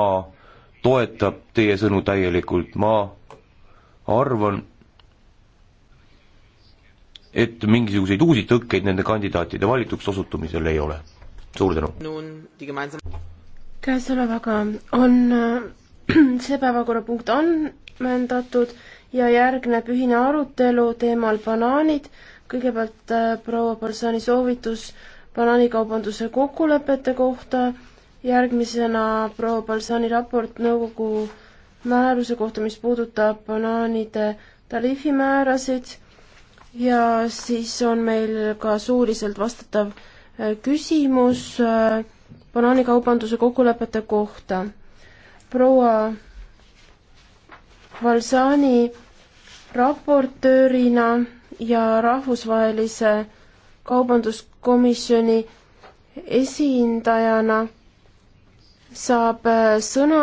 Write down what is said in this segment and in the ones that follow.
ma toetab teie sõnu täielikult, ma arvan, et mingisuguseid uusi tõkkeid nende kandidaatide valituks osutumisel ei ole. suur tänu! käesolevaga on see päevakorrapunkt ammendatud ja järgneb ühine arutelu teemal banaanid, kõigepealt äh, proua Borsani soovitus banaanikaubanduse kokkulepete kohta järgmisena proua Balsani raport nõukogu määruse kohta, mis puudutab banaanide tariifimäärasid ja siis on meil ka suuliselt vastatav äh, küsimus äh, banaanikaubanduse kokkulepete kohta. proua Valsani raportöörina ja rahvusvahelise kaubanduskomisjoni esindajana saab äh, sõna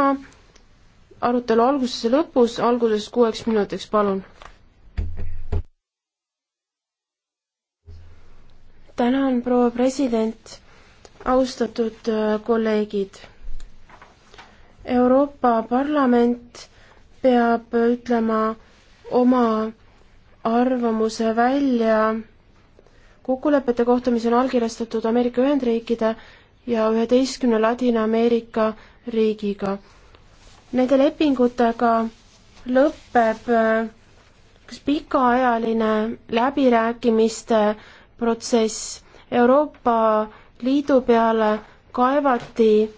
arutelu alguses ja lõpus, alguses kuueks minutiks, palun. tänan, proua president, austatud äh, kolleegid. Euroopa Parlament peab ütlema oma arvamuse välja kokkulepete kohta, mis on allkirjastatud Ameerika Ühendriikide ja üheteistkümne Ladina-Ameerika riigiga. Nende lepingutega lõpeb üks äh, pikaajaline läbirääkimiste protsess. Euroopa Liidu peale kaevati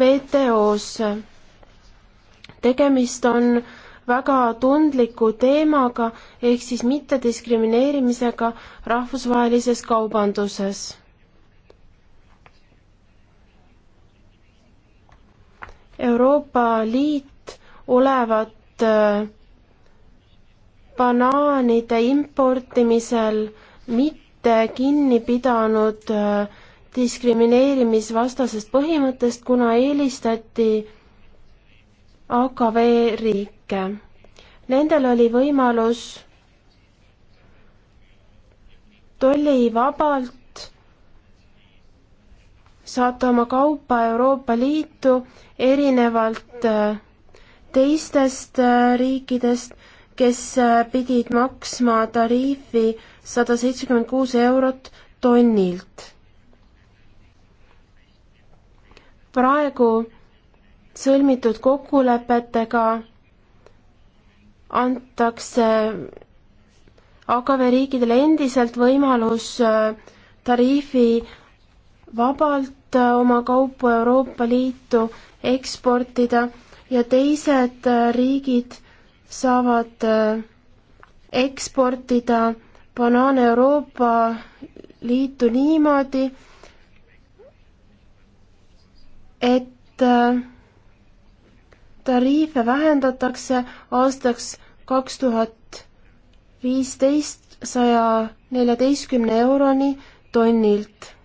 WTO-s. tegemist on väga tundliku teemaga ehk siis mittediskrimineerimisega rahvusvahelises kaubanduses Euroopa Liit olevat äh, banaanide importimisel mitte kinni pidanud äh, diskrimineerimisvastasest põhimõttest, kuna eelistati AKV riike. Nendel oli võimalus tollivabalt saata oma kaupa Euroopa Liitu erinevalt äh, teistest äh, riikidest, kes äh, pidid maksma tariifi sada seitsekümmend kuus eurot tonnilt. praegu sõlmitud kokkulepetega antakse AKV riikidele endiselt võimalus tariifi vabalt äh, oma kaupu Euroopa Liitu eksportida ja teised äh, riigid saavad äh, eksportida banaane Euroopa Liitu niimoodi, et tariife vähendatakse aastaks kaks tuhat viisteist saja neljateistkümne euroni tonnilt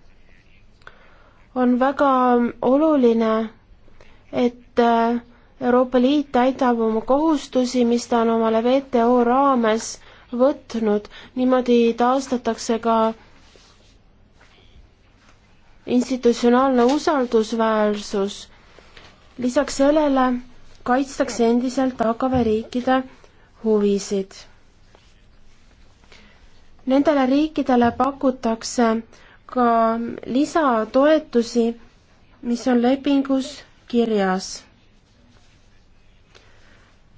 on väga oluline, et äh, Euroopa Liit täidab oma kohustusi, mis ta on omale WTO raames võtnud, niimoodi taastatakse ka institutsionaalne usaldusväärsus. lisaks sellele kaitstakse endiselt AKV riikide huvisid. Nendele riikidele pakutakse ka lisatoetusi, mis on lepingus kirjas.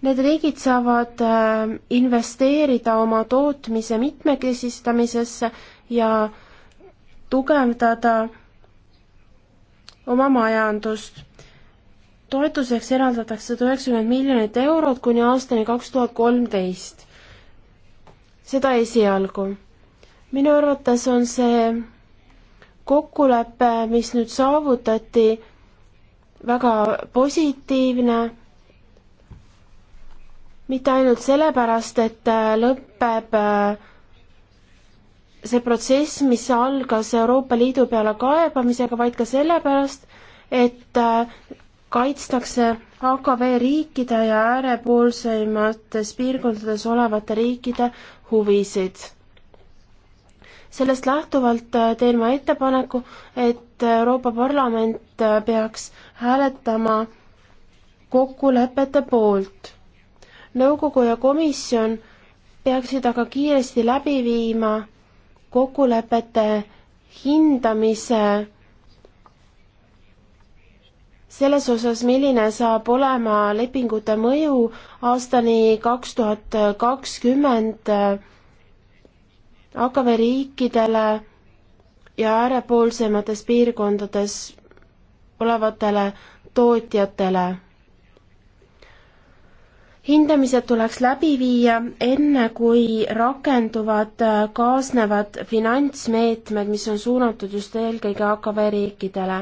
Need riigid saavad äh, investeerida oma tootmise mitmekesistamisesse ja tugevdada oma majandust toetuseks eraldatakse sada üheksakümmend miljonit eurot kuni aastani kaks tuhat kolmteist. seda esialgu. minu arvates on see kokkulepe, mis nüüd saavutati, väga positiivne, mitte ainult sellepärast, et äh, lõpeb äh, see protsess, mis algas Euroopa Liidu peale kaebamisega, vaid ka sellepärast, et äh, kaitstakse AKV riikide ja äärepoolseimates piirkondades olevate riikide huvisid sellest lähtuvalt äh, teen ma ettepaneku, et Euroopa Parlament äh, peaks hääletama kokkulepete poolt. nõukogu ja komisjon peaksid aga kiiresti läbi viima kokkulepete hindamise selles osas, milline saab olema lepingute mõju aastani kaks tuhat kakskümmend äh, AKV riikidele ja äärepoolsemates piirkondades olevatele tootjatele. hindamised tuleks läbi viia enne, kui rakenduvad äh, kaasnevad finantsmeetmed, mis on suunatud just eelkõige AKV riikidele.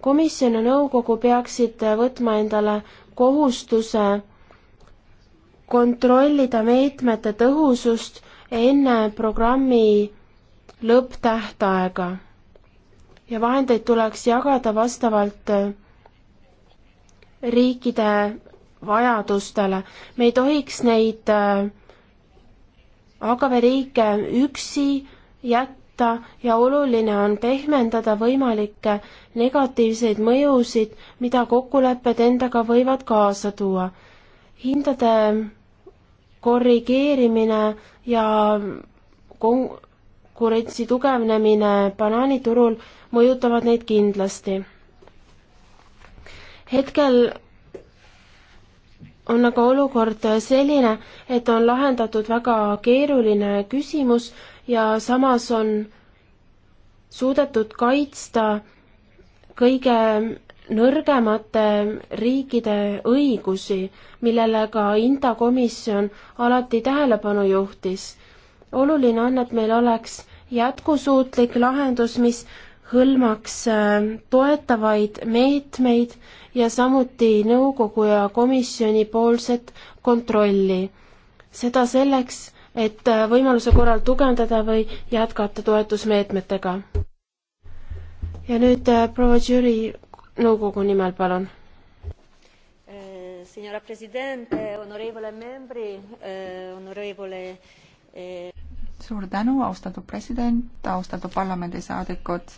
komisjon ja nõukogu peaksid äh, võtma endale kohustuse kontrollida meetmete tõhusust enne programmi lõpptähtaega ja vahendeid tuleks jagada vastavalt äh, riikide vajadustele. me ei tohiks neid äh, AKV riike üksi jätta ja oluline on pehmendada võimalikke negatiivseid mõjusid, mida kokkulepped endaga võivad kaasa tuua. hindade korrigeerimine ja konkurentsi tugevnemine banaaniturul mõjutavad neid kindlasti. hetkel on aga olukord selline, et on lahendatud väga keeruline küsimus ja samas on suudetud kaitsta kõige nõrgemate riikide õigusi, millele ka INTA komisjon alati tähelepanu juhtis. oluline on, et meil oleks jätkusuutlik lahendus, mis hõlmaks äh, toetavaid meetmeid ja samuti nõukogu ja komisjoni poolset kontrolli. seda selleks, et äh, võimaluse korral tugevdada või jätkata toetusmeetmetega. ja nüüd äh, proua žürii nõukogu nimel, palun. Eh, signora president, honorevole membri, honorevole eh, eh, suur tänu, austatud president, austatud parlamendisaadikud,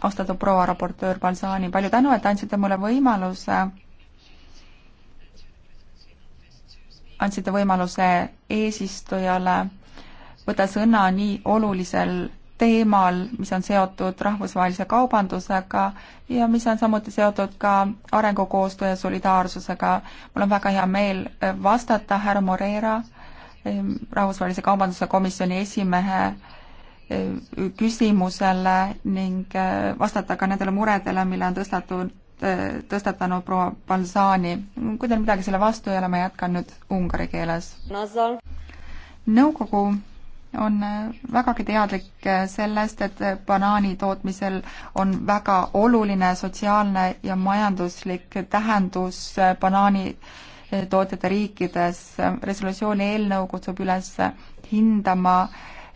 austatud proua raportöör Balsani, palju tänu, et andsite mulle võimaluse, andsite võimaluse eesistujale võtta sõna nii olulisel teemal, mis on seotud rahvusvahelise kaubandusega ja mis on samuti seotud ka arengukoostöö ja solidaarsusega. mul on väga hea meel äh, vastata härra Moreira, ähm, rahvusvahelise kaubanduse komisjoni esimehe äh, küsimusele ning äh, vastata ka nendele muredele, mille on tõstatud, tõstatanud proua Balzani. kui teil midagi selle vastu ei ole, ma jätkan nüüd ungari keeles. nõukogu on vägagi teadlik sellest, et banaani tootmisel on väga oluline sotsiaalne ja majanduslik tähendus banaani tootjate riikides. resolutsiooni eelnõu kutsub üles hindama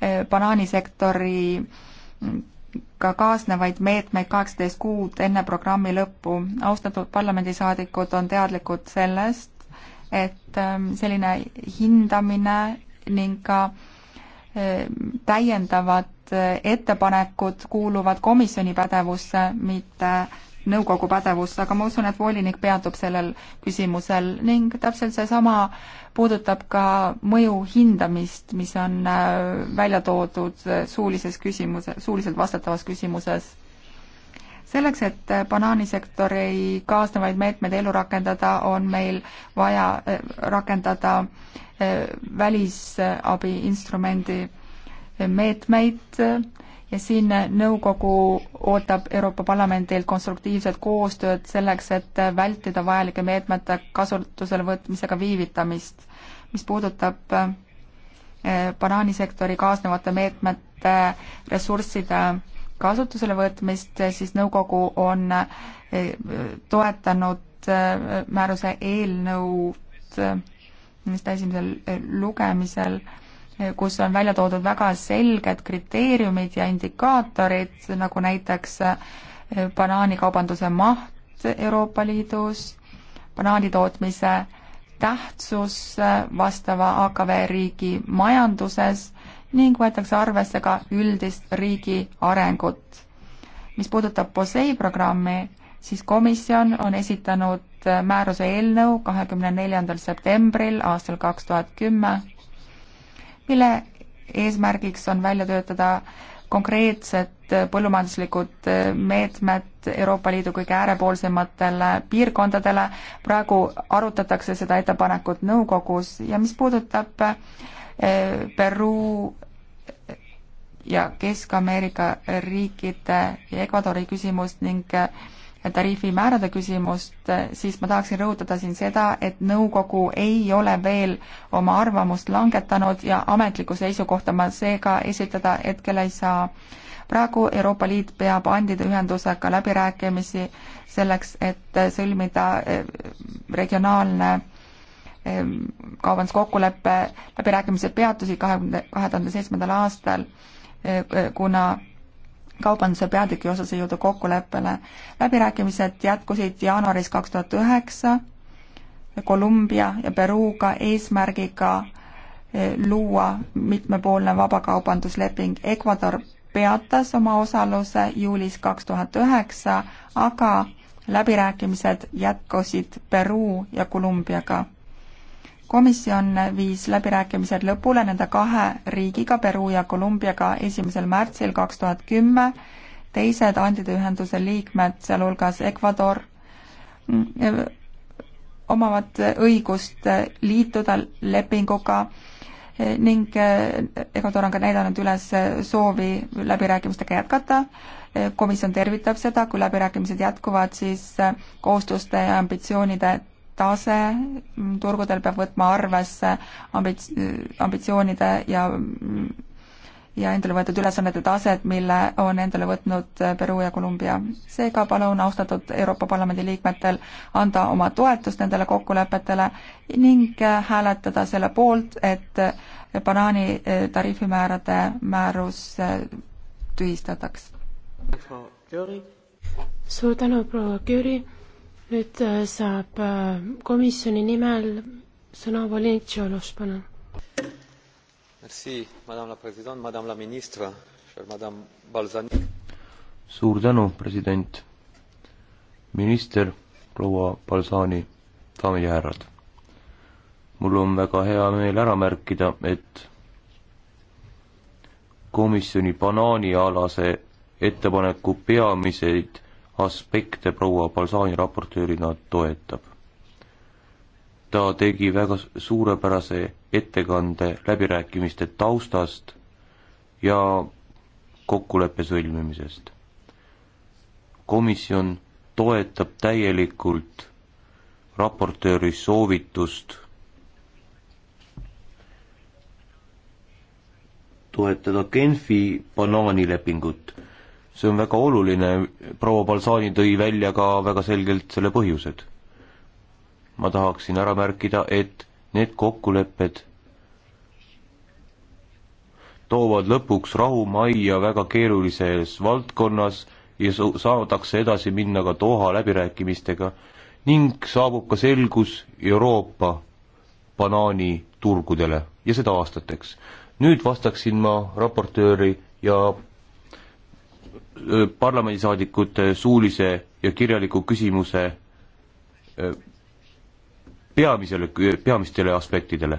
eh, banaanisektori mm, ka kaasnevaid meetmeid kaheksateist kuud enne programmi lõppu. austatud parlamendisaadikud on teadlikud sellest, et mm, selline hindamine ning ka äh, täiendavad äh, ettepanekud kuuluvad komisjoni pädevusse, mitte nõukogu pädevusse, aga ma usun, et volinik peatub sellel küsimusel ning täpselt seesama puudutab ka mõju hindamist, mis on äh, välja toodud äh, suulises küsimuse, suuliselt vastatavas küsimuses. selleks, et banaanisektori kaasnevaid meetmeid ellu rakendada, on meil vaja rakendada äh, välisabiinstrumendi meetmeid ja siin nõukogu ootab Euroopa Parlamendilt konstruktiivset koostööd selleks, et vältida vajalike meetmete kasutusele võtmisega viivitamist. mis puudutab eh, banaanisektori kaasnevate meetmete ressursside kasutusele võtmist, siis nõukogu on eh, toetanud eh, määruse eelnõud seda esimesel eh, lugemisel, eh, kus on välja toodud väga selged kriteeriumid ja indikaatorid, nagu näiteks eh, banaanikaubanduse maht Euroopa Liidus, banaanitootmise tähtsus vastava AKV riigi majanduses ning võetakse arvesse ka üldist riigi arengut. mis puudutab POSEI programmi, siis komisjon on esitanud et määruse eelnõu kahekümne neljandal septembril aastal kaks tuhat kümme, mille eesmärgiks on välja töötada konkreetsed põllumajanduslikud meetmed Euroopa Liidu kõige äärepoolsematele piirkondadele. praegu arutatakse seda ettepanekut nõukogus ja mis puudutab eh, Peruu ja Kesk-Ameerika riikide ja Ecuadori küsimust ning eh, tariifimäärade küsimust, siis ma tahaksin rõhutada siin seda, et nõukogu ei ole veel oma arvamust langetanud ja ametlikku seisukohta ma seega esitada hetkel ei saa. praegu Euroopa Liit peab andide ühendusega läbirääkimisi selleks, et sõlmida eh, regionaalne eh, kaubanduskokkulepe, läbirääkimised peatusid kahekümne, kahe tuhande seitsmendal aastal, eh, kuna kaubanduse peatüki osas ei jõuda kokkuleppele. läbirääkimised jätkusid jaanuaris kaks tuhat üheksa Kolumbia ja Peruuga eesmärgiga eh, luua mitmepoolne vabakaubandusleping. Ecuador peatas oma osaluse juulis kaks tuhat üheksa, aga läbirääkimised jätkusid Peruu ja Kolumbiaga komisjon viis läbirääkimised lõpule nende kahe riigiga, Peruu ja Kolumbiaga esimesel märtsil kaks tuhat kümme, teised andide ühenduse liikmed, sealhulgas Ecuador, omavad õigust liituda lepinguga ning Ecuador on ka näidanud üles soovi läbirääkimistega jätkata. komisjon tervitab seda, kui läbirääkimised jätkuvad, siis kohustuste ja ambitsioonide tase mm, turgudel peab võtma arvesse ambits-, ambitsioonide ja mm, ja endale võetud ülesannete taset, mille on endale võtnud äh, Peruu ja Kolumbia. seega palun austatud Euroopa Parlamendi liikmetel anda oma toetust nendele kokkulepetele ning äh, hääletada selle poolt, et äh, banaani tariifimäärade määrus tühistataks. suur tänu, proua Jüri nüüd äh, saab äh, komisjoni nimel sõna volinik Tšološ, palun. Merci, madame la president, madame la ministre, madame Balzani. suur tänu, president, minister, proua Balzani, daamid ja härrad. mul on väga hea meel ära märkida, et komisjoni banaanialase ettepaneku peamiseid aspekte proua Balsani raportöörina toetab. ta tegi väga suurepärase ettekande läbirääkimiste taustast ja kokkuleppe sõlmimisest. komisjon toetab täielikult raportööri soovitust toetada Genfi banaanilepingut see on väga oluline, proua Balsani tõi välja ka väga selgelt selle põhjused. ma tahaksin ära märkida, et need kokkulepped toovad lõpuks rahu majja väga keerulises valdkonnas ja saadakse edasi minna ka Doha läbirääkimistega ning saabub ka selgus Euroopa banaaniturgudele ja seda aastateks. nüüd vastaksin ma raportööri ja parlamendisaadikute suulise ja kirjaliku küsimuse peamisele, peamistele aspektidele.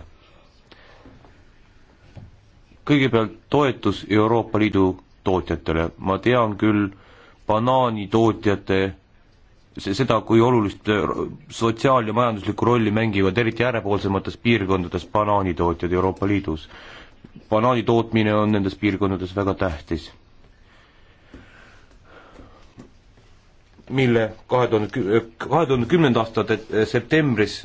kõigepealt toetus Euroopa Liidu tootjatele, ma tean küll banaanitootjate see, seda, kui olulist sotsiaal- ja majanduslikku rolli mängivad eriti äärepoolsemates piirkondades banaanitootjad Euroopa Liidus. banaani tootmine on nendes piirkondades väga tähtis. mille kahe tuhande, kahe tuhande kümnenda aasta septembris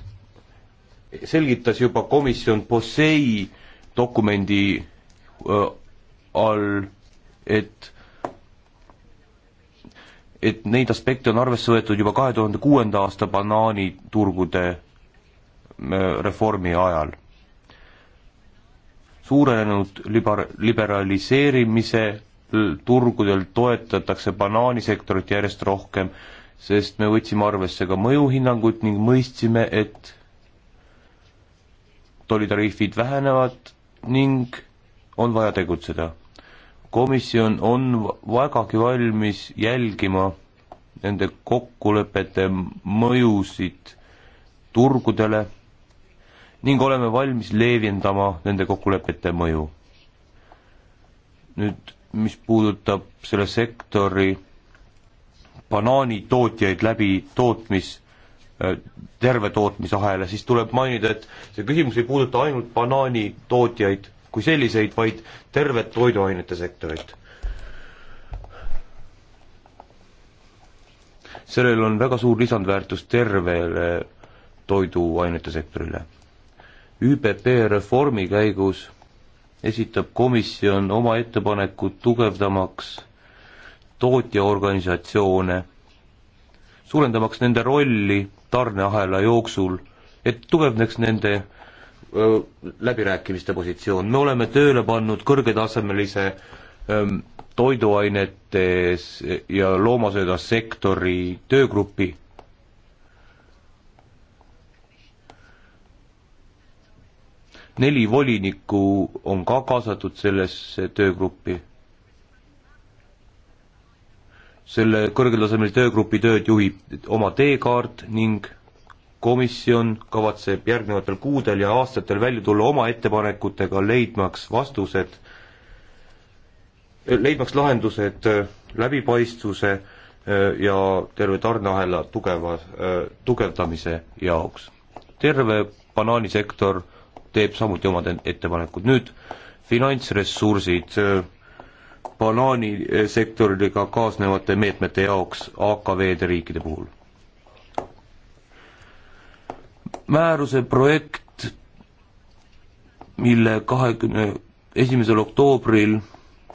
selgitas juba komisjon POSEI dokumendi äh, all, et et neid aspekte on arvesse võetud juba kahe tuhande kuuenda aasta banaaniturgude reformi ajal. suurenenud liber-, liberaliseerimise turgudel toetatakse banaanisektorit järjest rohkem, sest me võtsime arvesse ka mõjuhinnangut ning mõistsime, et tollitariifid vähenevad ning on vaja tegutseda. komisjon on vägagi valmis jälgima nende kokkulepete mõjusid turgudele ning oleme valmis leevendama nende kokkulepete mõju. nüüd mis puudutab selle sektori banaanitootjaid läbi tootmis, äh, terve tootmisahela, siis tuleb mainida, et see küsimus ei puuduta ainult banaanitootjaid kui selliseid, vaid tervet toiduainete sektorit. sellel on väga suur lisandväärtus tervele toiduainete sektorile. ÜPP reformi käigus esitab komisjon oma ettepanekud tugevdamaks tootjaorganisatsioone, suurendamaks nende rolli tarneahela jooksul, et tugevneks nende öö, läbirääkimiste positsioon, me oleme tööle pannud kõrgetasemelise toiduainetes ja loomasöödas sektori töögrupi neli volinikku on ka kaasatud sellesse töögruppi. selle kõrgetasemel töögrupi tööd juhib oma teekaart ning komisjon kavatseb järgnevatel kuudel ja aastatel välja tulla oma ettepanekutega, leidmaks vastused, leidmaks lahendused äh, läbipaistvuse äh, ja terve tarneahela tugeva, äh, tugevdamise jaoks. terve banaanisektor teeb samuti omad ettepanekud. nüüd finantsressursid äh, banaanisektoriga äh, kaasnevate meetmete jaoks AKV-de riikide puhul. määruse projekt, mille kahekümne esimesel oktoobril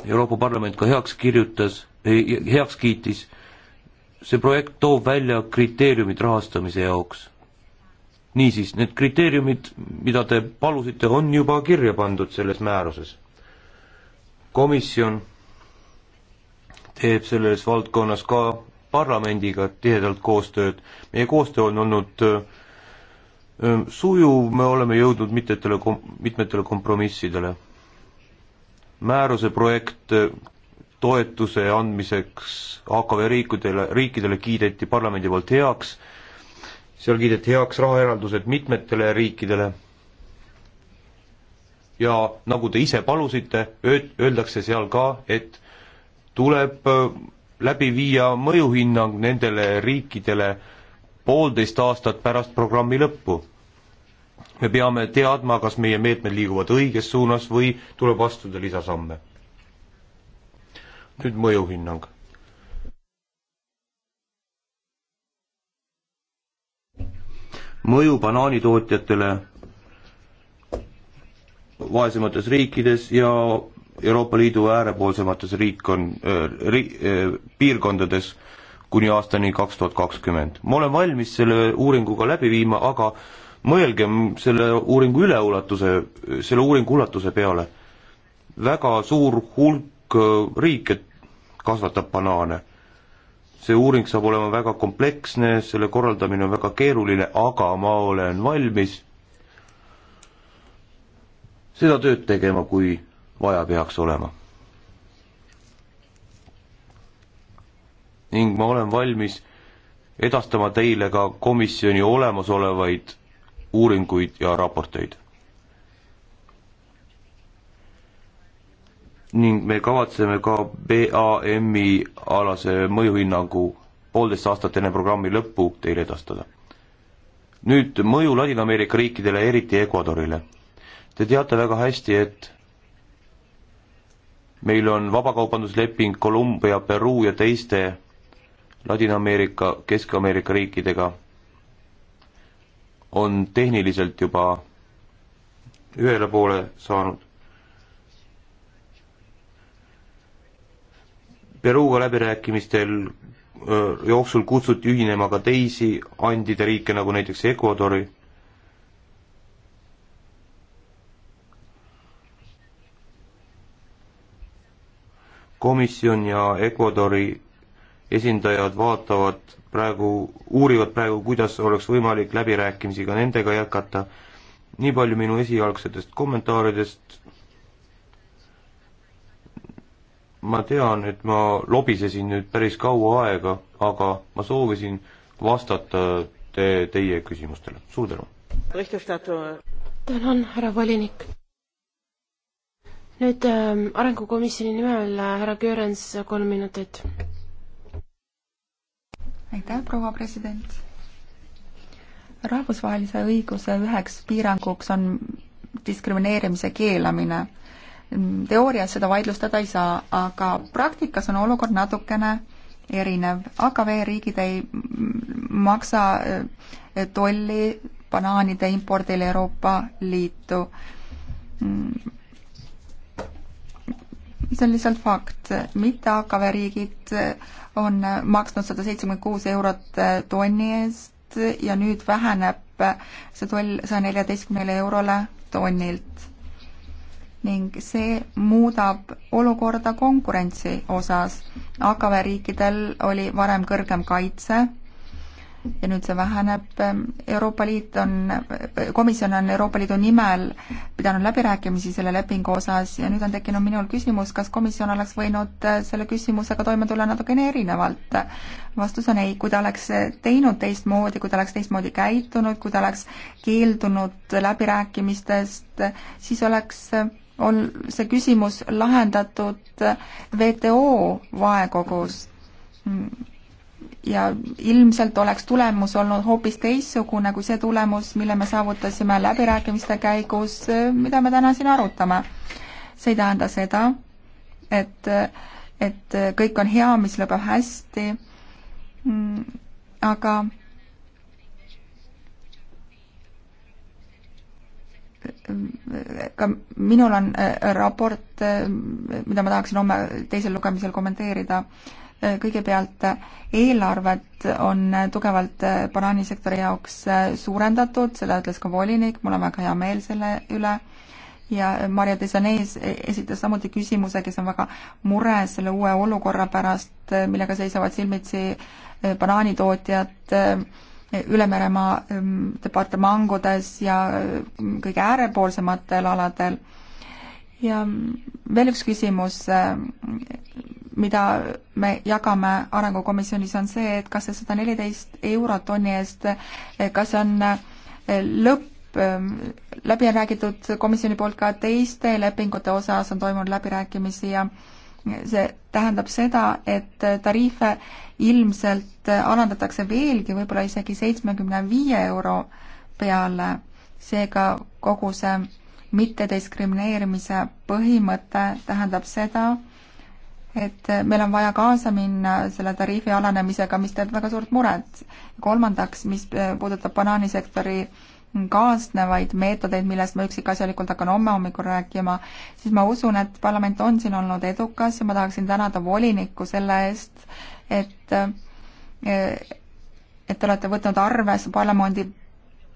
Euroopa Parlament ka heaks kirjutas, heaks kiitis, see projekt toob välja kriteeriumid rahastamise jaoks niisiis, need kriteeriumid, mida te palusite, on juba kirja pandud selles määruses. komisjon teeb selles valdkonnas ka parlamendiga tihedalt koostööd, meie koostöö on olnud öö, sujuv, me oleme jõudnud mitmetele kom-, mitmetele kompromissidele. määruse projekt toetuse andmiseks AKV riikidele, riikidele kiideti parlamendi poolt heaks, seal kiideti heaks rahaeraldused mitmetele riikidele. ja nagu te ise palusite, öeldakse seal ka, et tuleb läbi viia mõjuhinnang nendele riikidele poolteist aastat pärast programmi lõppu. me peame teadma, kas meie meetmed liiguvad õiges suunas või tuleb astuda lisasamme. nüüd mõjuhinnang mõju banaanitootjatele vaesemates riikides ja Euroopa Liidu äärepoolsemates riikkon- ri,, piirkondades kuni aastani kaks tuhat kakskümmend. ma olen valmis selle uuringuga läbi viima, aga mõelgem selle uuringu üleulatuse, selle uuringu ulatuse peale. väga suur hulk riike kasvatab banaane see uuring saab olema väga kompleksne, selle korraldamine on väga keeruline, aga ma olen valmis seda tööd tegema, kui vaja peaks olema. ning ma olen valmis edastama teile ka komisjoni olemasolevaid uuringuid ja raporteid ning me kavatseme ka BAM-i alase mõjuhinnangu poolteist aastat enne programmi lõppu teile edastada. nüüd mõju Ladina-Ameerika riikidele, eriti Ecuadorile. Te teate väga hästi, et meil on vabakaubandusleping Kolumbia, Peruu ja teiste Ladina-Ameerika, Kesk-Ameerika riikidega on tehniliselt juba ühele poole saanud. Peruga läbirääkimistel jooksul kutsuti ühinema ka teisi andide riike, nagu näiteks Ecuadori. komisjon ja Ecuadori esindajad vaatavad praegu, uurivad praegu, kuidas oleks võimalik läbirääkimisi ka nendega jätkata. nii palju minu esialgsetest kommentaaridest, ma tean, et ma lobisesin nüüd päris kaua aega, aga ma soovisin vastata te, teie küsimustele. suur tänu! tänan, härra volinik! nüüd äh, Arengukomisjoni nimel äh, härra Göörens, kolm minutit. aitäh, proua president! rahvusvahelise õiguse üheks piiranguks on diskrimineerimise keelamine teoorias seda vaidlustada ei saa, aga praktikas on olukord natukene erinev. AKV riigid ei maksa eh, tolli banaanide impordile Euroopa Liitu. see on lihtsalt fakt, mitte AKV riigid on maksnud sada seitsekümmend kuus eurot eh, tonni eest ja nüüd väheneb see toll saja neljateistkümnele eurole tonnilt ning see muudab olukorda konkurentsi osas. AKV riikidel oli varem kõrgem kaitse ja nüüd see väheneb. Euroopa Liit on, komisjon on Euroopa Liidu nimel pidanud läbirääkimisi selle lepingu osas ja nüüd on tekkinud minul küsimus, kas komisjon oleks võinud selle küsimusega toime tulla natukene erinevalt. vastus on ei, kui ta oleks teinud teistmoodi, kui ta oleks teistmoodi käitunud, kui ta oleks keeldunud läbirääkimistest, siis oleks on see küsimus lahendatud WTO vaekogus ja ilmselt oleks tulemus olnud hoopis teistsugune kui see tulemus, mille me saavutasime läbirääkimiste käigus, mida me täna siin arutame. see ei tähenda seda, et, et kõik on hea, mis lõpeb hästi, aga ka minul on äh, raport, äh, mida ma tahaksin homme teisel lugemisel kommenteerida. Äh, kõigepealt eelarvet on tugevalt banaanisektori jaoks suurendatud, seda ütles ka volinik, mul on väga hea meel selle üle ja Marja Desanees esitas samuti küsimuse, kes on väga mures selle uue olukorra pärast, millega seisavad silmitsi banaanitootjad Ülemeremaa ähm, departamangudes ja ähm, kõige äärepoolsematel aladel. ja veel üks küsimus, ähm, mida me jagame Arengukomisjonis, on see, et kas see sada neliteist eurot tonni eest, äh, kas see on äh, lõpp läbi on räägitud komisjoni poolt ka teiste lepingute osas, on toimunud läbirääkimisi ja see tähendab seda, et tariife ilmselt alandatakse veelgi, võib-olla isegi seitsmekümne viie euro peale. seega kogu see mittediskrimineerimise põhimõte tähendab seda, et meil on vaja kaasa minna selle tariifi alanemisega, mis teeb väga suurt muret. kolmandaks, mis puudutab banaanisektori kaasnevaid meetodeid, millest ma üksikasjalikult hakkan homme hommikul rääkima, siis ma usun, et parlament on siin olnud edukas ja ma tahaksin tänada volinikku selle eest, et eh, et te olete võtnud arvesse parlamendi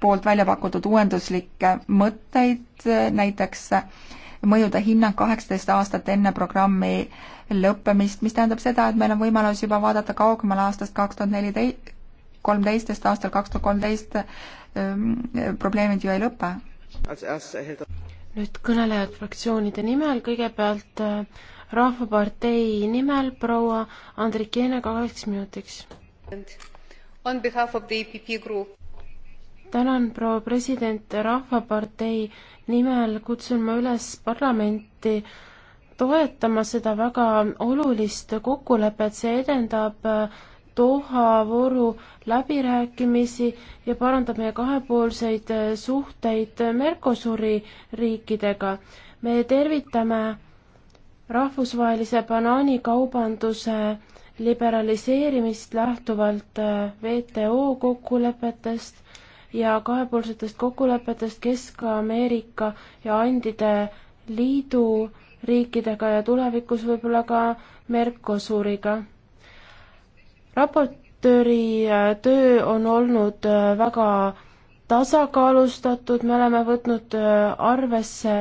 poolt välja pakutud uuenduslikke mõtteid, näiteks mõjude hinnang kaheksateist aastat enne programmi lõppemist, mis tähendab seda, et meil on võimalus juba vaadata kaugemale aastast kaks tuhat neliteist, kolmteistest aastal kaks tuhat kolmteist Ehm, probleemid ju ei lõpe. nüüd kõnelejad fraktsioonide nimel, kõigepealt äh, Rahvapartei nimel proua Andrikiene kaheks minutiks. On behalf of the EPP group tänan, proua president, Rahvapartei nimel kutsun ma üles parlamenti toetama seda väga olulist kokkulepet, see edendab äh, Doha vooru läbirääkimisi ja parandab meie kahepoolseid äh, suhteid Mercosuri riikidega. me tervitame rahvusvahelise banaanikaubanduse liberaliseerimist lähtuvalt äh, WTO kokkulepetest ja kahepoolsetest kokkulepetest Kesk-Ameerika ja Andide Liidu riikidega ja tulevikus võib-olla ka Mercosuriga raportööri äh, töö on olnud äh, väga tasakaalustatud, me oleme võtnud äh, arvesse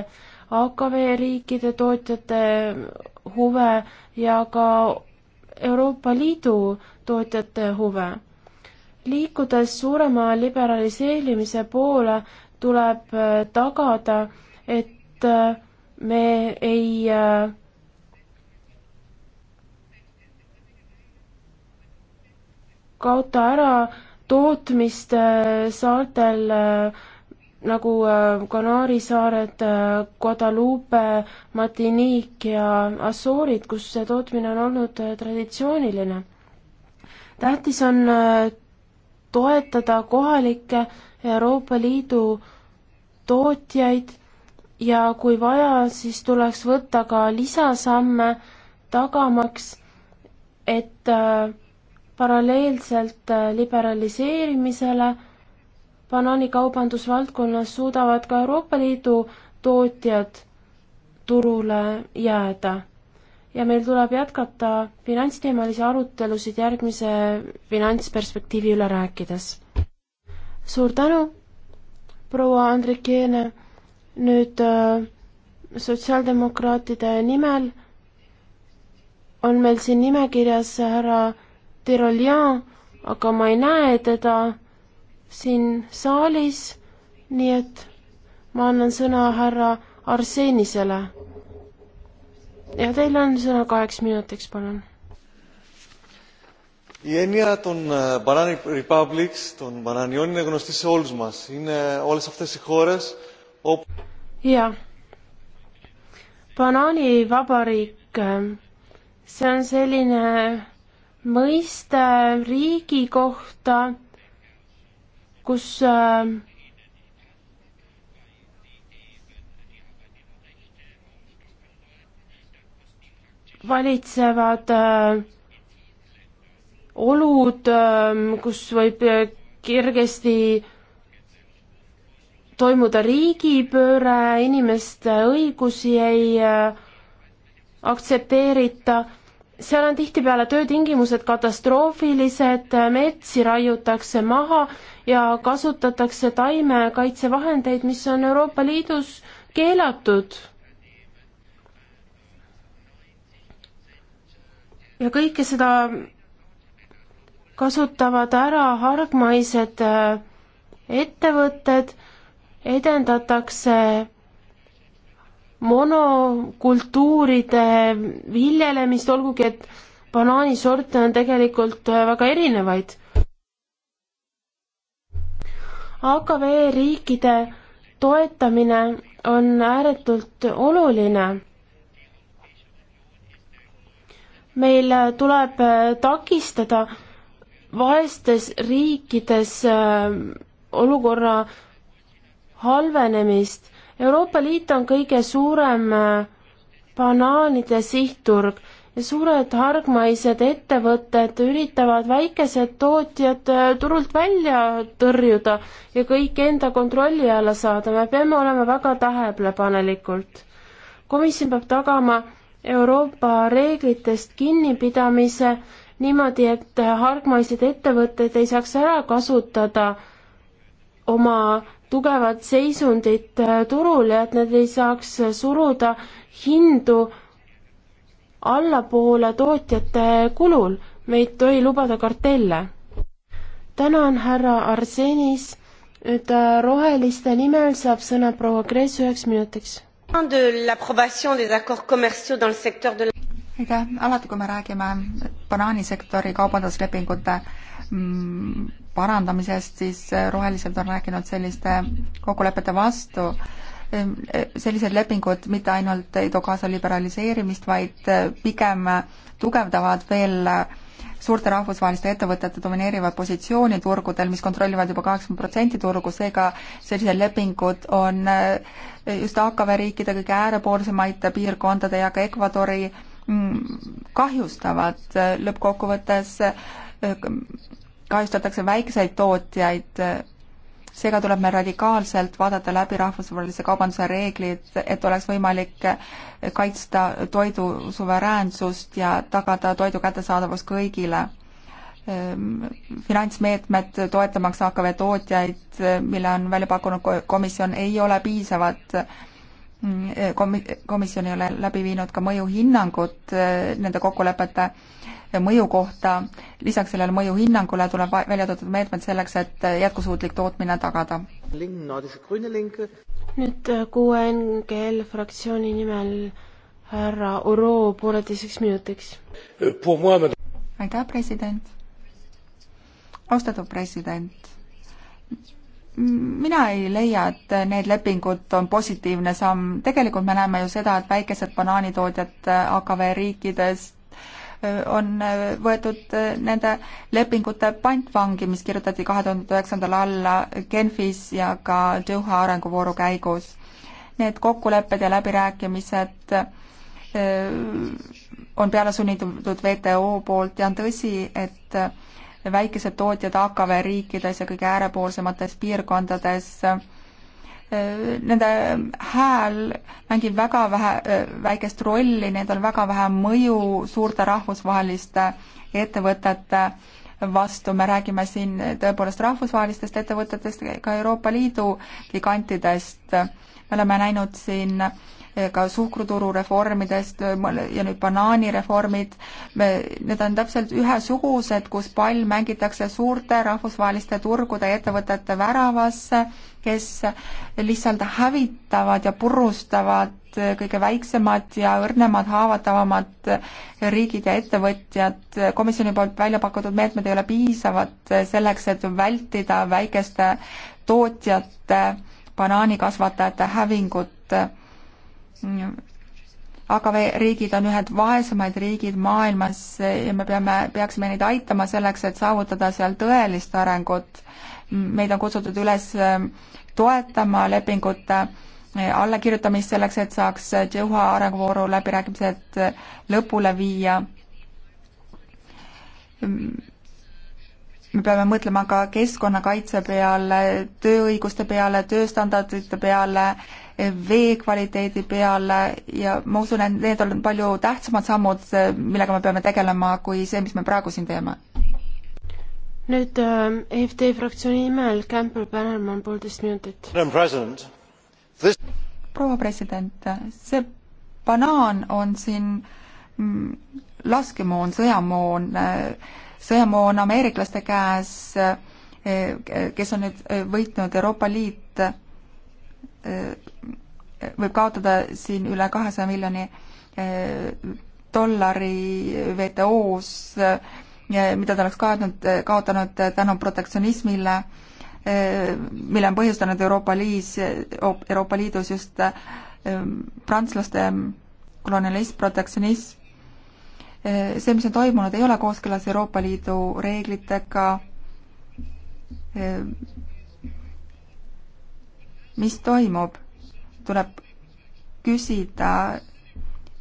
AKV riikide tootjate huve ja ka Euroopa Liidu tootjate huve. liikudes suurema liberaliseerimise poole, tuleb tagada, et me ei äh, kaota ära tootmist äh, saartel äh, nagu äh, Kanaari saared, Guadalupe, Martinique ja Assoorid, kus see tootmine on olnud traditsiooniline. tähtis on toetada kohalikke Euroopa Liidu tootjaid ja kui vaja, siis tuleks võtta ka lisasamme, tagamaks, et äh, paralleelselt äh, liberaliseerimisele banaanikaubandusvaldkonnas suudavad ka Euroopa Liidu tootjad turule jääda. ja meil tuleb jätkata finantsteemalisi arutelusid järgmise finantsperspektiivi üle rääkides. suur tänu, proua Andrik Jeene, nüüd äh, sotsiaaldemokraatide nimel on meil siin nimekirjas härra äh, Tiroljan, aga ma ei näe teda siin saalis, nii et ma annan sõna härra Arsenisele. ja teil on sõna kaheks minutiks, palun. Η έννοια των Banana Republics, των μπανανιών, είναι γνωστή σε όλους μας. Είναι όλες αυτές οι χώρες όπου... Jaa. Banaanivabariik, see on selline mõiste riigi kohta, kus äh, valitsevad äh, olud, ähm, kus võib äh, kergesti toimuda riigipööre, inimeste õigusi ei aktsepteerita seal on tihtipeale töötingimused katastroofilised, metsi raiutakse maha ja kasutatakse taimekaitsevahendeid, mis on Euroopa Liidus keelatud. ja kõike seda kasutavad ära hargmaised äh, ettevõtted, edendatakse monokultuuride viljelemist, olgugi et banaanisorte on tegelikult äh, väga erinevaid. AKV riikide toetamine on ääretult oluline. meil äh, tuleb äh, takistada vaestes riikides olukorra halvenemist Euroopa Liit on kõige suurem äh, banaanide sihtturg ja suured hargmaised ettevõtted üritavad väikesed tootjad äh, turult välja tõrjuda ja kõik enda kontrolli alla saada, me peame olema väga tähelepanelikud. komisjon peab tagama Euroopa reeglitest kinnipidamise niimoodi, et hargmaised ettevõtted ei saaks ära kasutada oma tugevat seisundit äh, turul ja et nad ei saaks äh, suruda hindu allapoole tootjate kulul. me ei tohi lubada kartelle. tänan, härra Arsenis. nüüd äh, roheliste nimel saab sõna proua Krees üheks minutiks. aitäh, alati kui me räägime banaanisektori kaubanduslepingute mm, parandamisest, siis äh, rohelised on rääkinud selliste kokkulepete vastu. Ehm, e, sellised lepingud mitte ainult ei too kaasa liberaliseerimist, vaid äh, pigem äh, tugevdavad veel suurte rahvusvaheliste ettevõtete domineerivat positsiooni turgudel, mis kontrollivad juba kaheksakümmend protsenti turgu, seega sellised lepingud on just AKV riikide kõige äärepoolsemaid piirkondade ja ka Ecuadori mm, kahjustavad lõppkokkuvõttes kahjustatakse väikseid tootjaid, seega tuleb meil radikaalselt vaadata läbi rahvusvahelise kaubanduse reeglid, et oleks võimalik kaitsta toidu suveräänsust ja tagada toidu kättesaadavus kõigile. Ehm, finantsmeetmed toetamaks AKV tootjaid, mille on välja pakkunud komisjon, ei ole piisavad mm, komi-, komisjon ei ole läbi viinud ka mõjuhinnangut eh, nende kokkulepete mõju kohta. lisaks sellele mõjuhinnangule tuleb välja töötatud meetmed selleks, et jätkusuutlik tootmine tagada. nüüd äh, QNGL fraktsiooni nimel härra Oro pooleteiseks minutiks. Äh, aitäh, president. austatud president mina ei leia, et need lepingud on positiivne samm, tegelikult me näeme ju seda, et väikesed banaanitootjad äh, AKV riikidest on võetud nende lepingute pantvangi, mis kirjutati kahe tuhande üheksandal alla Genfis ja ka Doha arenguvooru käigus. Need kokkulepped ja läbirääkimised äh, on peale sunnitud WTO poolt ja on tõsi, et väikesed tootjad AKV riikides ja kõige äärepoolsemates piirkondades äh, nende hääl mängib väga vähe, väikest rolli, neil on väga vähe mõju suurte rahvusvaheliste ettevõtete vastu, me räägime siin tõepoolest rahvusvahelistest ettevõtetest, ka Euroopa Liidu gigantidest, me oleme näinud siin äh, Eh, ka suhkruturu reformidest eh, ja nüüd banaanireformid, need on täpselt ühesugused, kus pall mängitakse suurte rahvusvaheliste turgude ja ettevõtete väravasse, kes lihtsalt hävitavad ja purustavad eh, kõige väiksemad ja õrnemad, haavatavamad riigid ja ettevõtjad. komisjoni poolt välja pakutud meetmed ei ole piisavad selleks, et vältida väikeste tootjate, banaanikasvatajate hävingut AKV riigid on ühed vaesemaid riigid maailmas ja me peame, peaksime neid aitama selleks, et saavutada seal tõelist arengut. meid on kutsutud üles ähm, toetama lepingute äh, allakirjutamist selleks, et saaks Doha arenguvooru läbirääkimised äh, lõpule viia. Mm, me peame mõtlema ka keskkonnakaitse peale, tööõiguste peale, tööstandardite peale, vee kvaliteedi peale ja ma usun, et need on palju tähtsamad sammud, millega me peame tegelema, kui see, mis me praegu siin teeme. nüüd äh, EFD fraktsiooni nimel Campbell Bannerman, poolteist minutit. proua president, see banaan on siin mm, laskemoon, sõjamoon, äh, sõjamoon ameeriklaste käes, äh, kes on nüüd võitnud Euroopa Liit Äh, võib kaotada siin üle kahesaja miljoni äh, dollari WTO-s, äh, mida ta oleks kaotanud, kaotanud tänu protektsionismile, mille on põhjustanud Euroopa Liis, Euroopa Liidus just prantslaste kolonialism, protektsionism, see, mis on toimunud, ei ole kooskõlas Euroopa Liidu reeglitega, mis toimub, tuleb küsida,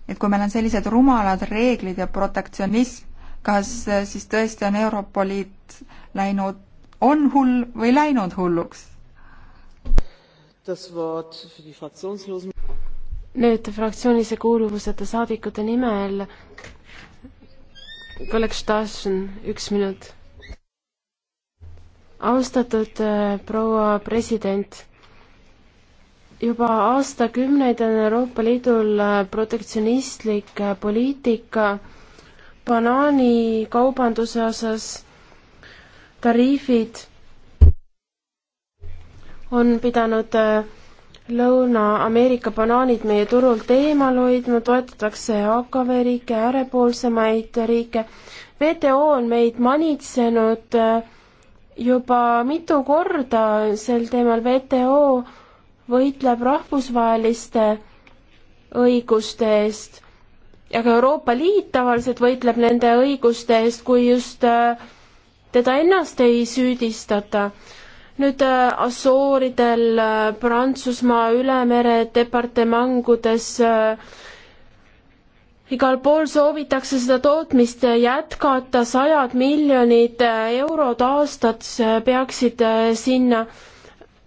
et kui meil on sellised rumalad reeglid ja protektsionism, kas äh, siis tõesti on Euroopa Liit läinud, on hull või läinud hulluks? nüüd fraktsioonilise kuuluvuseta saadikute nimel kolleeg Stašin, üks minut. austatud äh, proua president juba aastakümneid on Euroopa Liidul äh, protektsionistlik äh, poliitika banaanikaubanduse osas. tariifid on pidanud äh, Lõuna-Ameerika banaanid meie turult eemal hoidma, toetatakse AKV riike, äärepoolsemaid riike. WTO on meid manitsenud juba mitu korda sel teemal, WTO võitleb rahvusvaheliste õiguste eest ja ka Euroopa Liit tavaliselt võitleb nende õiguste eest, kui just äh, teda ennast ei süüdistata. nüüd äh, Asooridel, äh, Prantsusmaa ülemere departemangudes igal pool soovitakse seda tootmist jätkata, sajad miljonid eurod aastas peaksid sinna äh,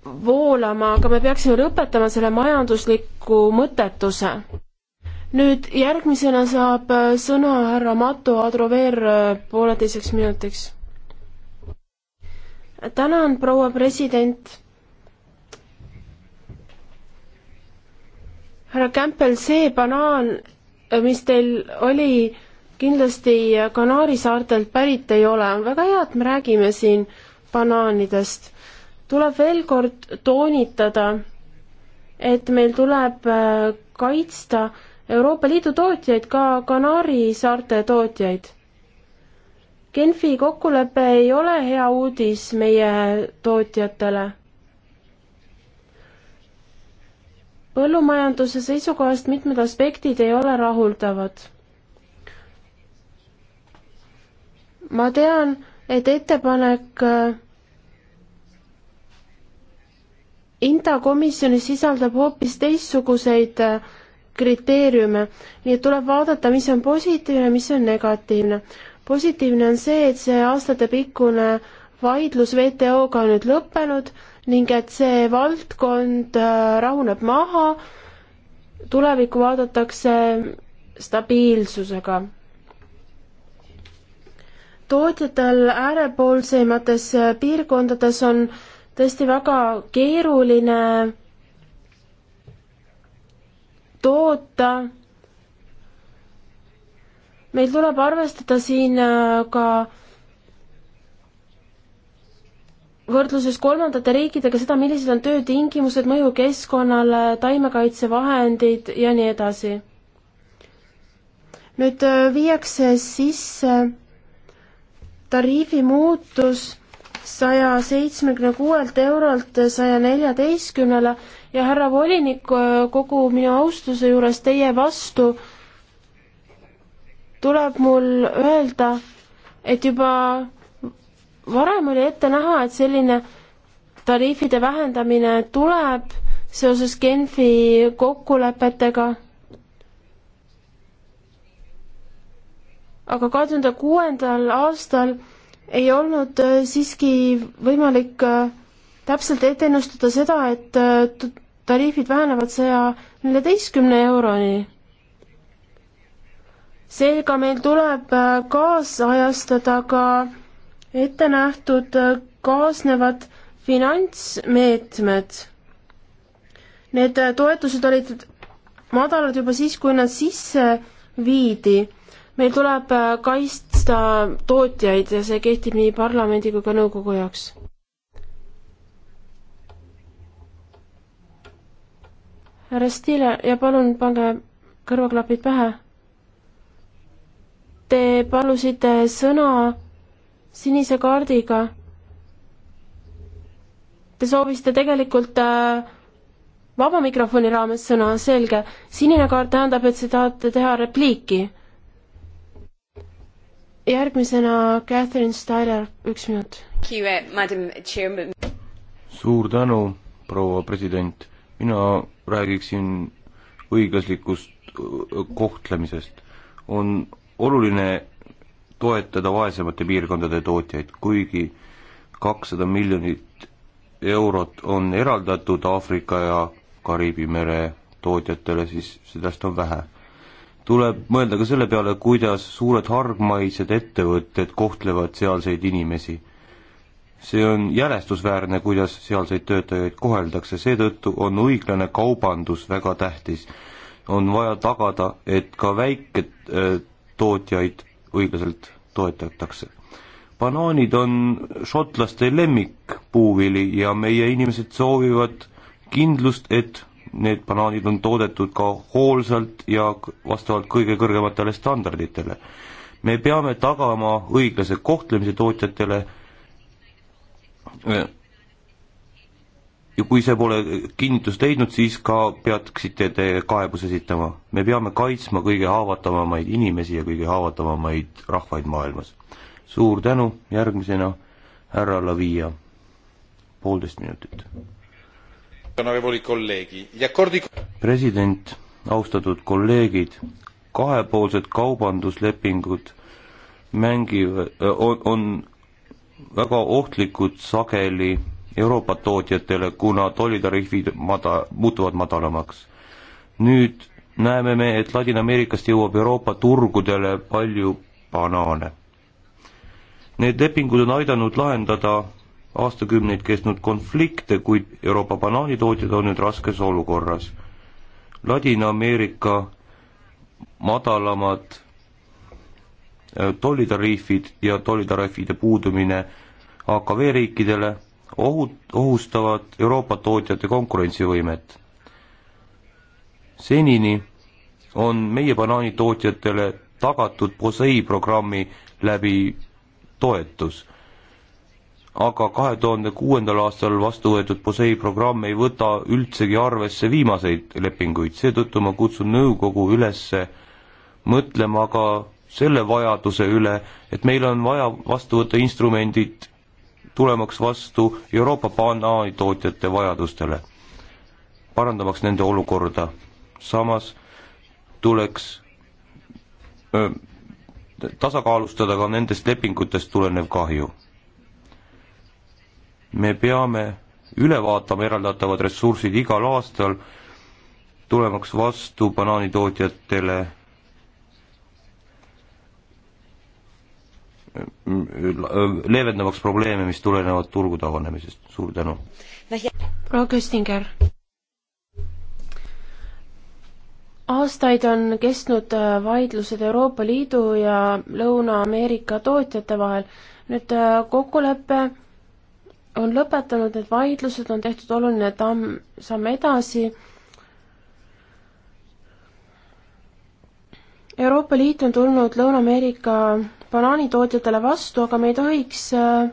voolama, aga me peaksime lõpetama selle majandusliku mõttetuse. nüüd järgmisena saab sõna härra Mato Adroveer äh, pooleteiseks minutiks. tänan, proua president. härra Kämpel, see banaan, äh, mis teil oli, kindlasti Kanaari saartelt pärit ei ole, on väga hea, et me räägime siin banaanidest tuleb veel kord toonitada, et meil tuleb äh, kaitsta Euroopa Liidu tootjaid, ka Kanaari saarte tootjaid. Genfi kokkulepe ei ole hea uudis meie tootjatele. põllumajanduse seisukohast mitmed aspektid ei ole rahuldavad. ma tean, et ettepanek äh, Inta komisjonis sisaldab hoopis teistsuguseid äh, kriteeriume, nii et tuleb vaadata, mis on positiivne, mis on negatiivne. positiivne on see, et see aastatepikkune vaidlus WTO-ga on nüüd lõppenud ning et see valdkond äh, rahuneb maha, tulevikku vaadatakse stabiilsusega. tootjatel äärepoolseimates äh, piirkondades on äh, tõesti väga keeruline toota. meil tuleb arvestada siin äh, ka võrdluses kolmandate riikidega seda, millised on töötingimused, mõju keskkonnale, taimekaitsevahendid ja nii edasi. nüüd äh, viiakse sisse tariifi muutus saja seitsmekümne kuuelt eurolt saja neljateistkümnele ja härra volinik, kogu minu austuse juures teie vastu tuleb mul öelda, et juba varem oli ette näha, et selline tariifide vähendamine tuleb seoses Genfi kokkulepetega. aga kahe tuhande kuuendal aastal ei olnud äh, siiski võimalik äh, täpselt ette ennustada seda, et äh, tariifid vähenevad saja neljateistkümne euroni. seega meil tuleb kaasajastada ka ette nähtud kaasnevad finantsmeetmed. Need toetused olid madalad juba siis, kui nad sisse viidi meil tuleb äh, kaitsta tootjaid ja see kehtib nii parlamendi kui ka nõukogu jaoks. härra Stiile ja palun pange kõrvaklapid pähe. Te palusite sõna sinise kaardiga. Te soovisite tegelikult äh, vaba mikrofoni raames sõna, selge. sinine kaart tähendab, et te tahate teha repliiki järgmisena Catherine Styler, üks minut. Uh, suur tänu, proua president. mina räägiksin õiglaslikust kohtlemisest. on oluline toetada vaesemate piirkondade tootjaid, kuigi kakssada miljonit eurot on eraldatud Aafrika ja Kariibi mere tootjatele, siis sellest on vähe tuleb mõelda ka selle peale, kuidas suured hargmaised ettevõtted kohtlevad sealseid inimesi. see on järjestusväärne, kuidas sealseid töötajaid koheldakse, seetõttu on õiglane kaubandus väga tähtis. on vaja tagada, et ka väiketootjaid äh, õiglaselt toetatakse. banaanid on šotlaste lemmikpuuvili ja meie inimesed soovivad kindlust, et need banaanid on toodetud ka hoolsalt ja vastavalt kõige kõrgematele standarditele. me peame tagama õiglase kohtlemise tootjatele ja kui see pole kinnitust leidnud, siis ka peaksite te kaebus esitama. me peame kaitsma kõige haavatavamaid inimesi ja kõige haavatavamaid rahvaid maailmas. suur tänu, järgmisena härra Lavia, poolteist minutit president, austatud kolleegid, kahepoolsed kaubanduslepingud mängivad, on, on väga ohtlikud sageli Euroopa tootjatele, kuna tollitariifid mada-, muutuvad madalamaks. nüüd näeme me, et Ladina-Ameerikast jõuab Euroopa turgudele palju banaane. Need lepingud on aidanud lahendada aastakümneid kestnud konflikte, kuid Euroopa banaanitootjad on nüüd raskes olukorras. Ladina-Ameerika madalamad äh, tollitariifid ja tollitariifide puudumine AKV riikidele ohut-, ohustavad Euroopa tootjate konkurentsivõimet. senini on meie banaanitootjatele tagatud POSEI programmi läbi toetus aga kahe tuhande kuuendal aastal vastu võetud POSEI programm ei võta üldsegi arvesse viimaseid lepinguid, seetõttu ma kutsun nõukogu üles mõtlema ka selle vajaduse üle, et meil on vaja vastu võtta instrumendid tulemaks vastu Euroopa banaanitootjate vajadustele, parandamaks nende olukorda. samas tuleks öö, tasakaalustada ka nendest lepingutest tulenev kahju me peame üle vaatama eraldatavad ressursid igal aastal, tulemaks vastu banaanitootjatele leevendamaks probleeme, mis tulenevad turgude avanemisest. suur tänu. proua Köstinger. aastaid on kestnud äh, vaidlused Euroopa Liidu ja Lõuna-Ameerika tootjate vahel. nüüd äh, kokkulepe on lõpetanud need vaidlused, on tehtud oluline tamm, samm edasi. Euroopa Liit on tulnud Lõuna-Ameerika banaanitootjatele vastu, aga me ei tohiks äh,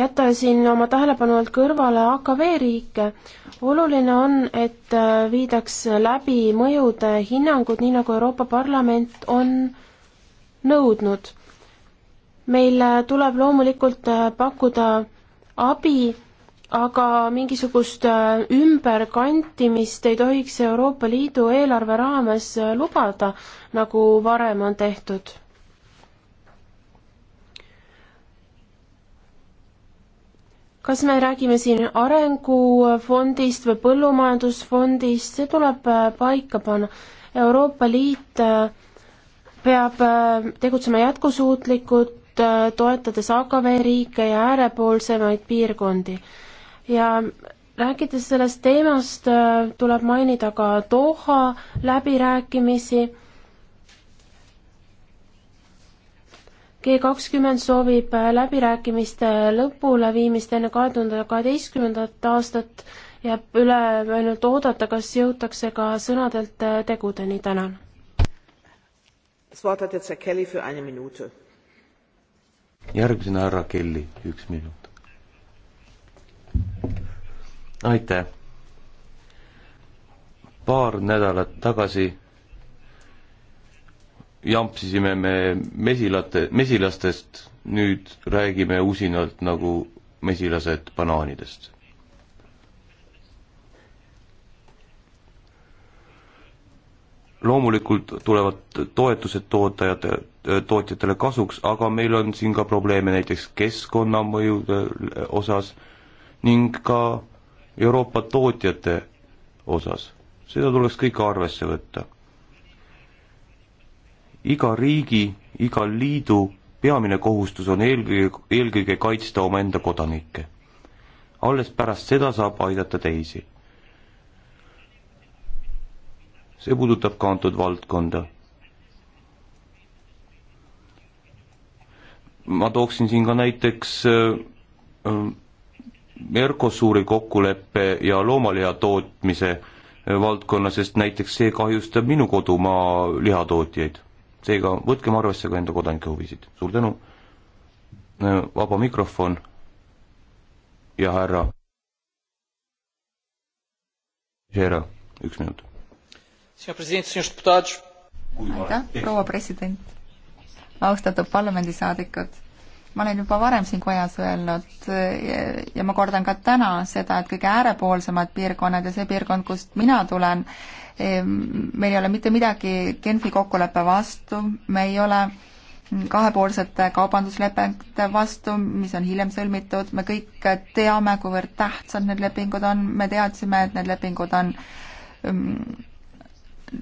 jätta siin oma tähelepanu alt kõrvale AKV riike. oluline on, et äh, viidaks läbi mõjude hinnangud, nii nagu Euroopa Parlament on nõudnud meil äh, tuleb loomulikult äh, pakkuda abi, aga mingisugust äh, ümberkantimist ei tohiks Euroopa Liidu eelarve raames lubada, nagu varem on tehtud. kas me räägime siin arengufondist või põllumajandusfondist, see tuleb paika panna. Euroopa Liit peab tegutsema jätkusuutlikult Äh, toetades AKV riike ja äärepoolsemaid piirkondi. ja rääkides sellest teemast, äh, tuleb mainida ka Doha läbirääkimisi. G kakskümmend soovib äh, läbirääkimiste lõpuleviimist enne kahe tuhande kaheteistkümnendat aastat, jääb üle ainult oodata, kas jõutakse ka sõnadelt tegudeni, tänan. Das Wort hat jetzt Herr Kelly für eine Minute järgmisena härra Kelly, üks minut. aitäh. paar nädalat tagasi jampsisime me mesilate, mesilastest, nüüd räägime usinalt nagu mesilased banaanidest loomulikult tulevad toetused tootajate, tootjatele kasuks, aga meil on siin ka probleeme näiteks keskkonnamõjude äh, osas ning ka Euroopa tootjate osas. seda tuleks kõike arvesse võtta. iga riigi, iga liidu peamine kohustus on eelkõige, eelkõige kaitsta omaenda kodanikke. alles pärast seda saab aidata teisi see puudutab ka antud valdkonda. ma tooksin siin ka näiteks äh, äh, Mercosuri kokkuleppe ja loomaliha tootmise äh, valdkonna, sest näiteks see kahjustab minu kodumaa lihatootjaid. seega võtkem arvesse ka enda kodanike huvisid. suur tänu, vaba mikrofon ja härra. Jera, üks minut aitäh, proua president! austatud parlamendisaadikud! ma olen juba varem siin kojas öelnud ja ma kordan ka täna seda, et kõige äärepoolsemad piirkonnad ja see piirkond, kust mina tulen, ehm, meil ei ole mitte midagi Genfi kokkuleppe vastu, me ei ole kahepoolsete kaubanduslepete vastu, mis on hiljem sõlmitud, me kõik teame, kuivõrd tähtsad need lepingud on, me teadsime, et need lepingud on ehm,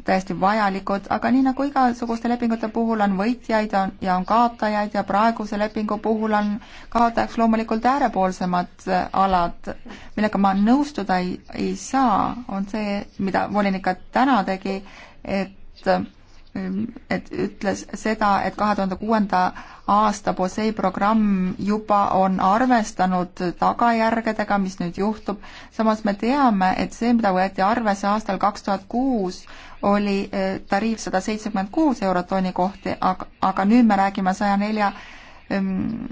täiesti vajalikud, aga nii nagu igasuguste lepingute puhul on võitjaid on, ja on kaotajaid ja praeguse lepingu puhul on kaotajaks loomulikult äärepoolsemad äh, alad, millega ma nõustuda ei, ei saa, on see, mida volinik ka täna tegi, et Ehm, et ütles seda, et kahe tuhande kuuenda aasta POSEI programm juba on arvestanud tagajärgedega, mis nüüd juhtub. samas me teame, et see, mida võeti arvesse aastal kaks tuhat kuus, oli eh, tariif sada seitsekümmend kuus eurot tonni kohti, aga, aga nüüd me räägime saja nelja ehm,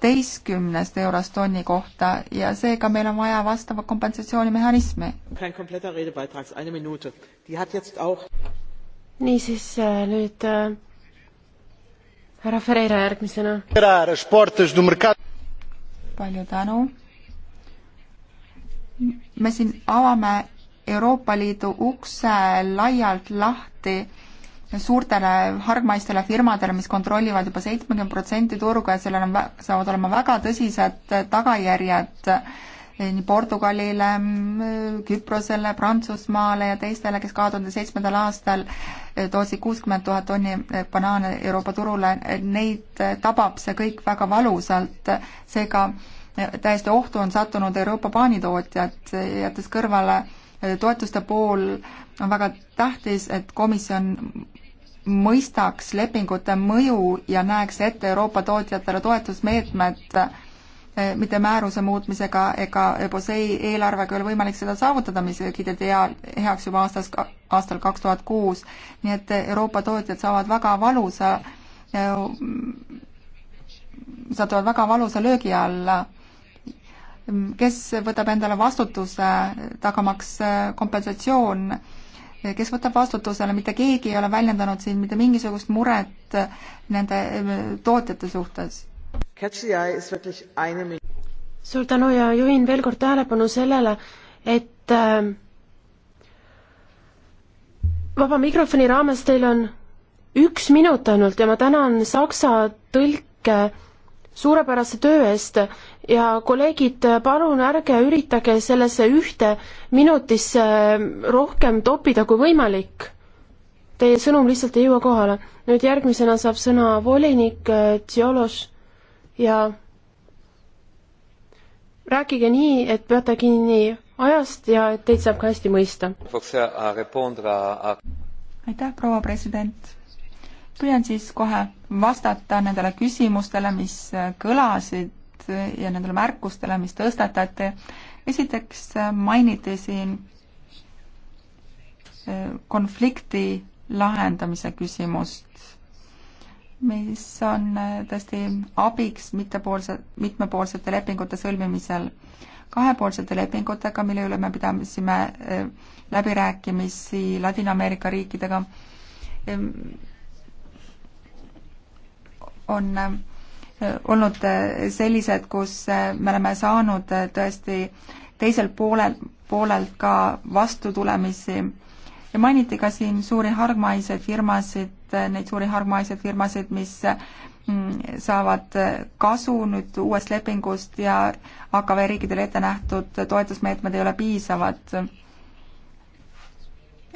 teistkümnest eurost tonni kohta ja seega meil on vaja vastava kompensatsioonimehhanismi niisiis äh, nüüd äh, härra Ferreira järgmisena. palju tänu. me siin avame Euroopa Liidu ukse laialt lahti suurtele hargmaistele firmadele, mis kontrollivad juba seitsekümmend protsenti turgu ja sellel on, saavad olema väga tõsised tagajärjed Eh, nii Portugalile, mm, eh, Küprosele, Prantsusmaale ja teistele, kes kahe tuhande seitsmendal aastal eh, tootsid kuuskümmend tuhat tonni banaane Euroopa turule, neid tabab see kõik väga valusalt, seega täiesti ohtu on sattunud Euroopa paanitootjad, jättes kõrvale toetuste pool, on väga tähtis, et komisjon mõistaks lepingute mõju ja näeks ette Euroopa tootjatele toetusmeetmed, Eh, mitte määruse muutmisega ega POSEI eelarvega ei ole võimalik seda saavutada, mis kiideti hea, heaks juba aastas, aastal kaks tuhat kuus. nii et Euroopa tootjad saavad väga valusa, eh, satuvad väga valusa löögi alla. kes võtab endale vastutuse eh, tagamaks kompensatsioon kes võtab vastutusele, mitte keegi ei ole väljendanud siin mitte mingisugust muret nende tootjate suhtes suur tänu ja juhin veel kord tähelepanu sellele, et ähm, vaba mikrofoni raames teil on üks minut ainult ja ma tänan Saksa tõlke suurepärase töö eest ja kolleegid, palun ärge üritage sellesse ühte minutisse ähm, rohkem toppida kui võimalik. Teie sõnum lihtsalt ei jõua kohale. nüüd järgmisena saab sõna volinik äh, Tšiolos ja rääkige nii, et peate kinni ajast ja et teid saab ka hästi mõista. aitäh, proua president. püüan siis kohe vastata nendele küsimustele, mis kõlasid ja nendele märkustele, mis tõstatati. esiteks mainiti siin eh, konflikti lahendamise küsimust mis on äh, tõesti abiks mitmepoolse, mitmepoolsete lepingute sõlmimisel. kahepoolsete lepingutega, mille üle me pidasime äh, läbirääkimisi Ladina-Ameerika riikidega, ehm, on äh, olnud sellised, kus me oleme saanud tõesti teiselt poolel, poolelt ka vastutulemisi ja mainiti ka siin suuri hargmaiseid firmasid, et neid suuri hargmaiseid firmasid, mis mm, saavad kasu nüüd uuest lepingust ja AKV riikidele ette nähtud toetusmeetmed ei ole piisavad.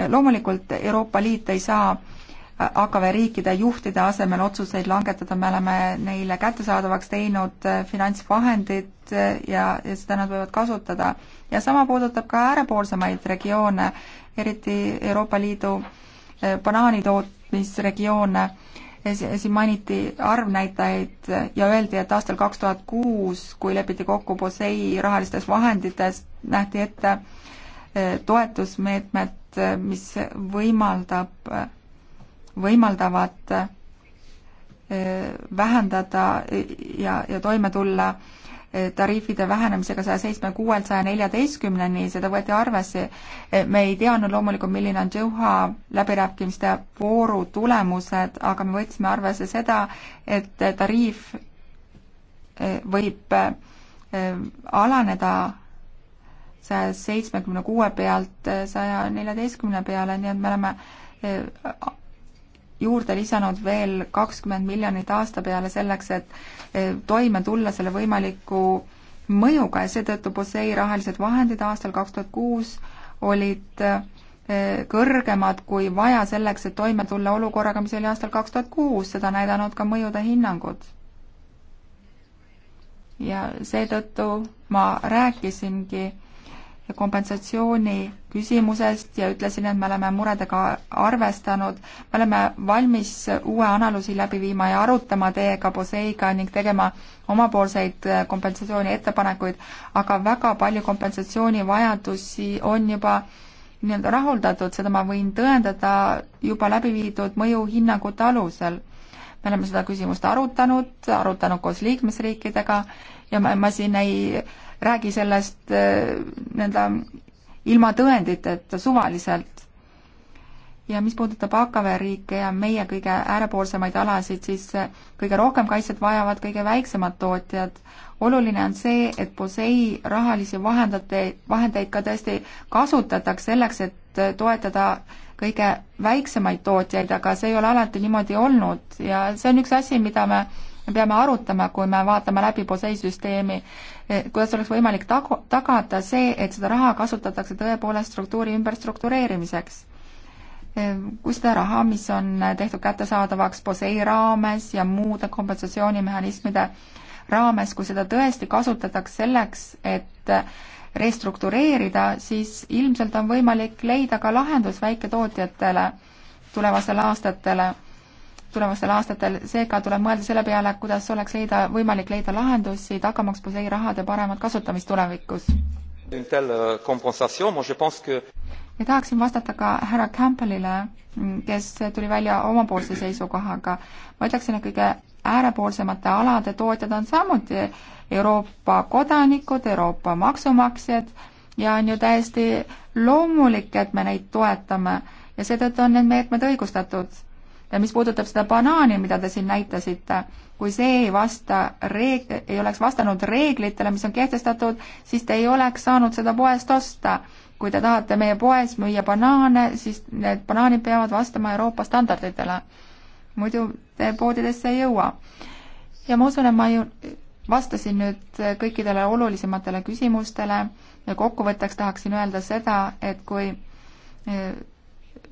loomulikult Euroopa Liit ei saa AKV riikide juhtide asemel otsuseid langetada, me oleme neile kättesaadavaks teinud finantsvahendid ja, ja seda nad võivad kasutada. ja sama puudutab ka äärepoolsemaid regioone, eriti Euroopa Liidu banaanitoot-, tootmisregioone, siin mainiti arvnäitajaid ja öeldi, et aastal kaks tuhat kuus, kui lepiti kokku POSEI rahalistes vahendites, nähti ette e, toetusmeetmed, mis võimaldab, võimaldavad e, vähendada ja, ja toime tulla tariifide vähenemisega saja seitsme kuuelt saja neljateistkümneni, seda võeti arvesse. me ei teadnud loomulikult, milline on Doha läbirääkimiste vooru tulemused, aga me võtsime arvesse seda, et tariif eh, võib eh, alaneda saja seitsmekümne kuue pealt eh, saja neljateistkümne peale, nii et me oleme juurde lisanud veel kakskümmend miljonit aasta peale selleks, et eh, toime tulla selle võimaliku mõjuga ja seetõttu POSEI rahalised vahendid aastal kaks tuhat kuus olid eh, kõrgemad kui vaja selleks, et toime tulla olukorraga, mis oli aastal kaks tuhat kuus, seda näidanud ka mõjude hinnangud. ja seetõttu ma rääkisingi kompensatsiooni küsimusest ja ütlesin, et me oleme muredega arvestanud. me oleme valmis uue analüüsi läbi viima ja arutama teiega, Poseiga ning tegema omapoolseid äh, kompensatsiooni ettepanekuid, aga väga palju kompensatsioonivajadusi on juba nii-öelda rahuldatud, seda ma võin tõendada juba läbi viidud mõjuhinnangute alusel. me oleme seda küsimust arutanud, arutanud koos liikmesriikidega ja ma, ma siin ei räägi sellest äh, nii-öelda ilma tõenditeta suvaliselt. ja mis puudutab AKV riike ja meie kõige äärepoolsemaid alasid, siis kõige rohkem kaitset vajavad kõige väiksemad tootjad. oluline on see, et POSEI rahalisi vahendate, vahendeid ka tõesti kasutataks selleks, et toetada kõige väiksemaid tootjaid, aga see ei ole alati niimoodi olnud ja see on üks asi, mida me me peame arutama, kui me vaatame läbi POSEI-süsteemi, eh, kuidas oleks võimalik tagu-, tagada see, et seda raha kasutatakse tõepoolest struktuuri ümberstruktureerimiseks. Eh, kui seda raha, mis on tehtud kättesaadavaks POSEI raames ja muude kompensatsioonimehhanismide raames, kui seda tõesti kasutatakse selleks, et eh, restruktureerida, siis ilmselt on võimalik leida ka lahendus väiketootjatele tulevastel aastatel tulevastel aastatel, seega tuleb mõelda selle peale, kuidas oleks leida, võimalik leida lahendusi, tagamaks POSEI rahade paremat kasutamist tulevikus. Euh, ja tahaksin vastata ka härra Campbellile, kes tuli välja omapoolse seisukohaga. ma ütleksin, et kõige äärepoolsemate alade tootjad on samuti Euroopa kodanikud, Euroopa maksumaksjad ja on ju täiesti loomulik, et me neid toetame ja seetõttu on need meetmed õigustatud ja mis puudutab seda banaani, mida te siin näitasite, kui see ei vasta reeg-, ei oleks vastanud reeglitele, mis on kehtestatud, siis te ei oleks saanud seda poest osta. kui te tahate meie poes müüa banaane, siis need banaanid peavad vastama Euroopa standarditele. muidu te poodidesse ei jõua. ja ma usun, et ma ju vastasin nüüd kõikidele olulisematele küsimustele ja kokkuvõtteks tahaksin öelda seda, et kui eh,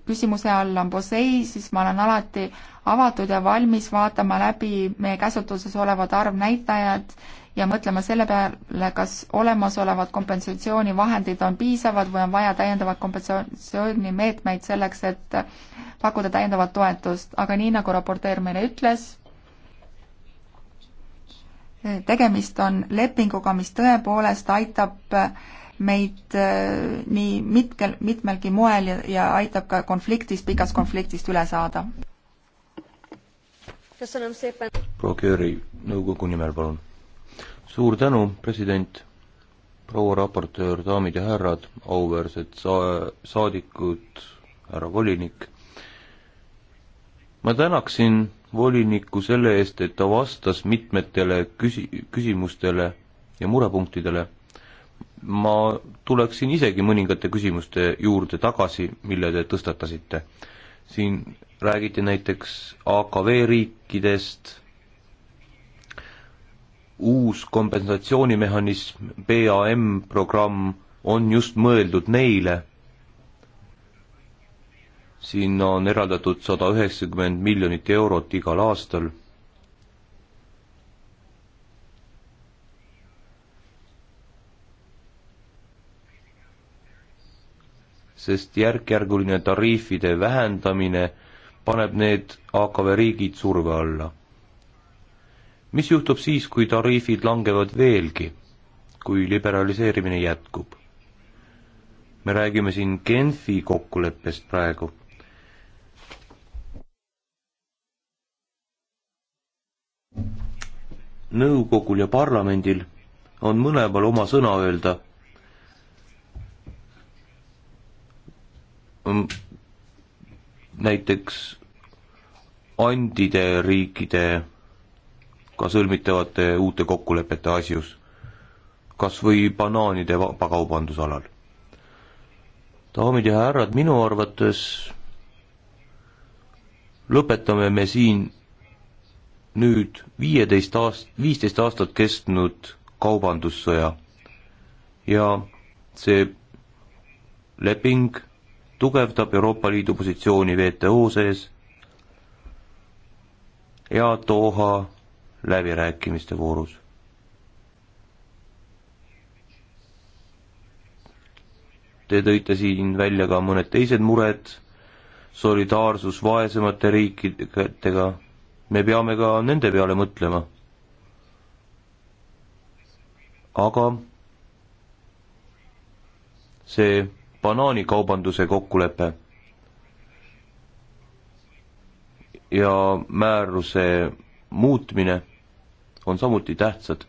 küsimuse all on posei, siis ma olen alati avatud ja valmis vaatama läbi meie käsutuses olevad arvnäitajad ja mõtlema selle peale, kas olemasolevad kompensatsioonivahendid on piisavad või on vaja täiendavaid kompensatsioonimeetmeid selleks, et pakkuda täiendavat toetust, aga nii, nagu raporteer meile ütles, tegemist on lepinguga, mis tõepoolest aitab meid äh, nii mitkel, mitmelgi moel ja, ja aitab ka konfliktist, pikast konfliktist üle saada. prokuröri nõukogu nimel, palun. suur tänu, president, proua raportöör, daamid ja härrad, auväärsed sa-, saadikud, härra volinik, ma tänaksin volinikku selle eest, et ta vastas mitmetele küsi-, küsimustele ja murepunktidele ma tuleksin isegi mõningate küsimuste juurde tagasi, mille te tõstatasite. siin räägiti näiteks AKV riikidest, uus kompensatsioonimehhanism, BAM programm on just mõeldud neile, sinna on eraldatud sada üheksakümmend miljonit eurot igal aastal sest järk-järguline tariifide vähendamine paneb need AKV riigid surve alla. mis juhtub siis, kui tariifid langevad veelgi, kui liberaliseerimine jätkub? me räägime siin Genfi kokkuleppest praegu nõukogul ja parlamendil on mõlemal oma sõna öelda näiteks andide riikidega sõlmitavate uute kokkulepete asjus, kas või banaanide vabakaubandusalal. daamid ja härrad, minu arvates lõpetame me siin nüüd viieteist aast-, viisteist aastat kestnud kaubandussõja ja see leping tugevdab Euroopa Liidu positsiooni WTO sees ja Doha läbirääkimiste voorus. Te tõite siin välja ka mõned teised mured, solidaarsus vaesemate riikidega, me peame ka nende peale mõtlema. aga see banaanikaubanduse kokkulepe ja määruse muutmine on samuti tähtsad.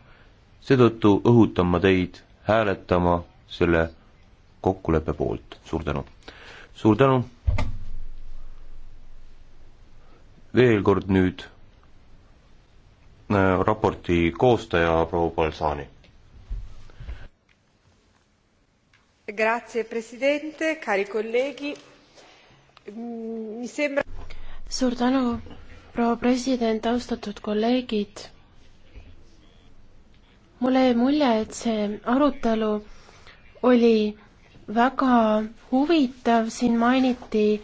seetõttu õhutan ma teid hääletama selle kokkuleppe poolt, suur tänu. suur tänu. veel kord nüüd äh, raporti koostaja proua Balsani. Grazie, president, cari kolleegi. Mm, sembra... suur tänu, proua president, austatud kolleegid. mulle jäi mulje, et see arutelu oli väga huvitav, siin mainiti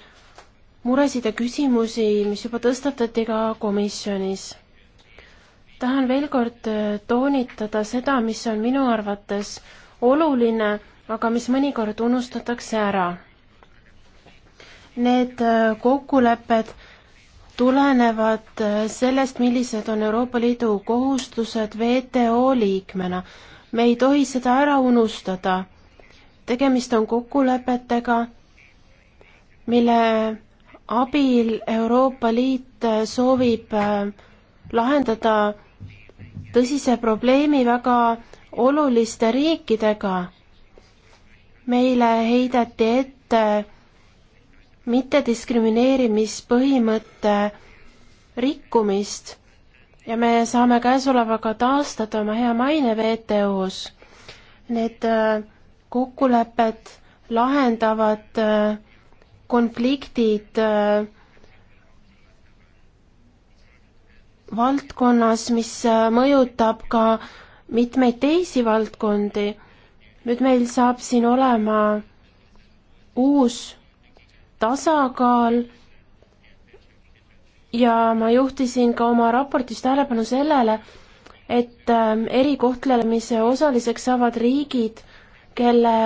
muresid ja küsimusi, mis juba tõstatati ka komisjonis. tahan veel kord toonitada seda, mis on minu arvates oluline aga mis mõnikord unustatakse ära. Need äh, kokkulepped tulenevad äh, sellest, millised on Euroopa Liidu kohustused WTO liikmena. me ei tohi seda ära unustada. tegemist on kokkulepetega, mille abil Euroopa Liit äh, soovib lahendada tõsise probleemi väga oluliste riikidega meile heideti ette mittediskrimineerimispõhimõtte rikkumist ja me saame käesolevaga taastada oma hea maine WTO-s. Need äh, kokkulepped lahendavad äh, konfliktid äh, valdkonnas, mis mõjutab ka mitmeid teisi valdkondi nüüd meil saab siin olema uus tasakaal ja ma juhtisin ka oma raportis tähelepanu sellele, et ähm, erikohtlemise osaliseks saavad riigid, kelle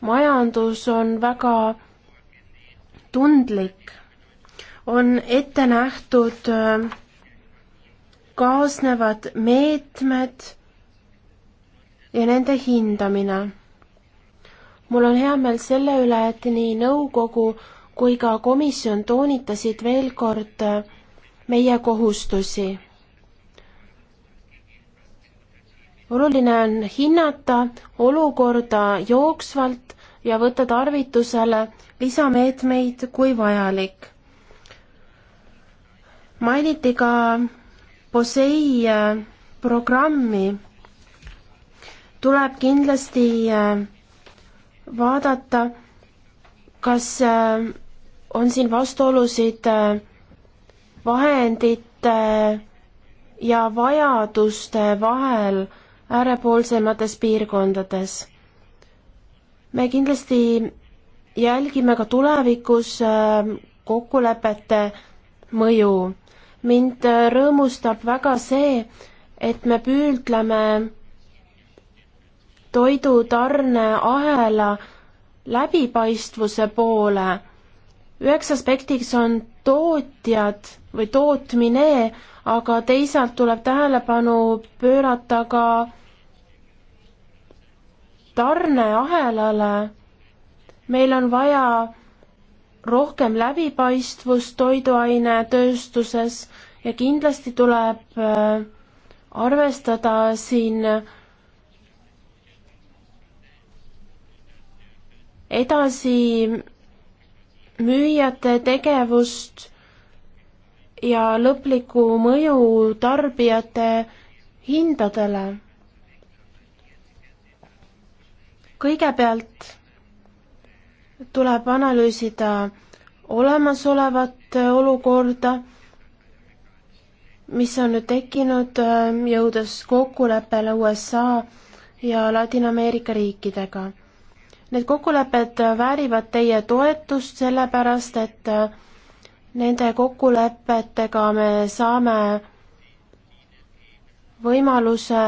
majandus on väga tundlik, on ette nähtud ähm, kaasnevad meetmed ja nende hindamine. mul on hea meel selle üle, et nii nõukogu kui ka komisjon toonitasid veel kord äh, meie kohustusi. oluline on hinnata olukorda jooksvalt ja võtta tarvitusele lisameetmeid, kui vajalik. mainiti ka POSEI äh, programmi tuleb kindlasti äh, vaadata, kas äh, on siin vastuolusid äh, vahendite ja vajaduste vahel äärepoolsemates piirkondades. me kindlasti jälgime ka tulevikus kokkulepete mõju. mind rõõmustab väga see, et me püüdleme toidutarneahela läbipaistvuse poole. üheks aspektiks on tootjad või tootmine, aga teisalt tuleb tähelepanu pöörata ka tarneahelale. meil on vaja rohkem läbipaistvust toiduainetööstuses ja kindlasti tuleb äh, arvestada siin äh, edasi müüjate tegevust ja lõplikku mõju tarbijate hindadele. kõigepealt tuleb analüüsida olemasolevat olukorda, mis on nüüd tekkinud, jõudes kokkuleppele USA ja Ladina-Ameerika riikidega Need kokkulepped väärivad teie toetust, sellepärast et äh, nende kokkulepetega me saame võimaluse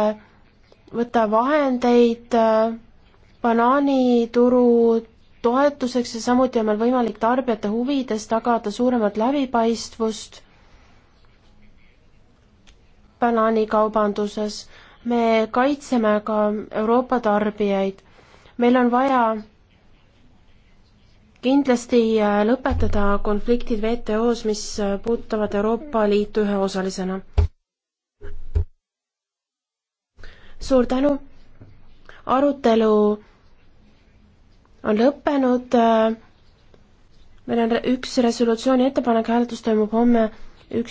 võtta vahendeid äh, banaanituru toetuseks ja samuti on meil võimalik tarbijate huvides tagada suuremat läbipaistvust banaanikaubanduses. me kaitseme ka Euroopa tarbijaid meil on vaja kindlasti äh, lõpetada konfliktid WTO-s, mis äh, puudutavad Euroopa Liitu üheosalisena. suur tänu, arutelu on lõppenud, äh, meil on üks resolutsiooni ettepanek, hääletus toimub homme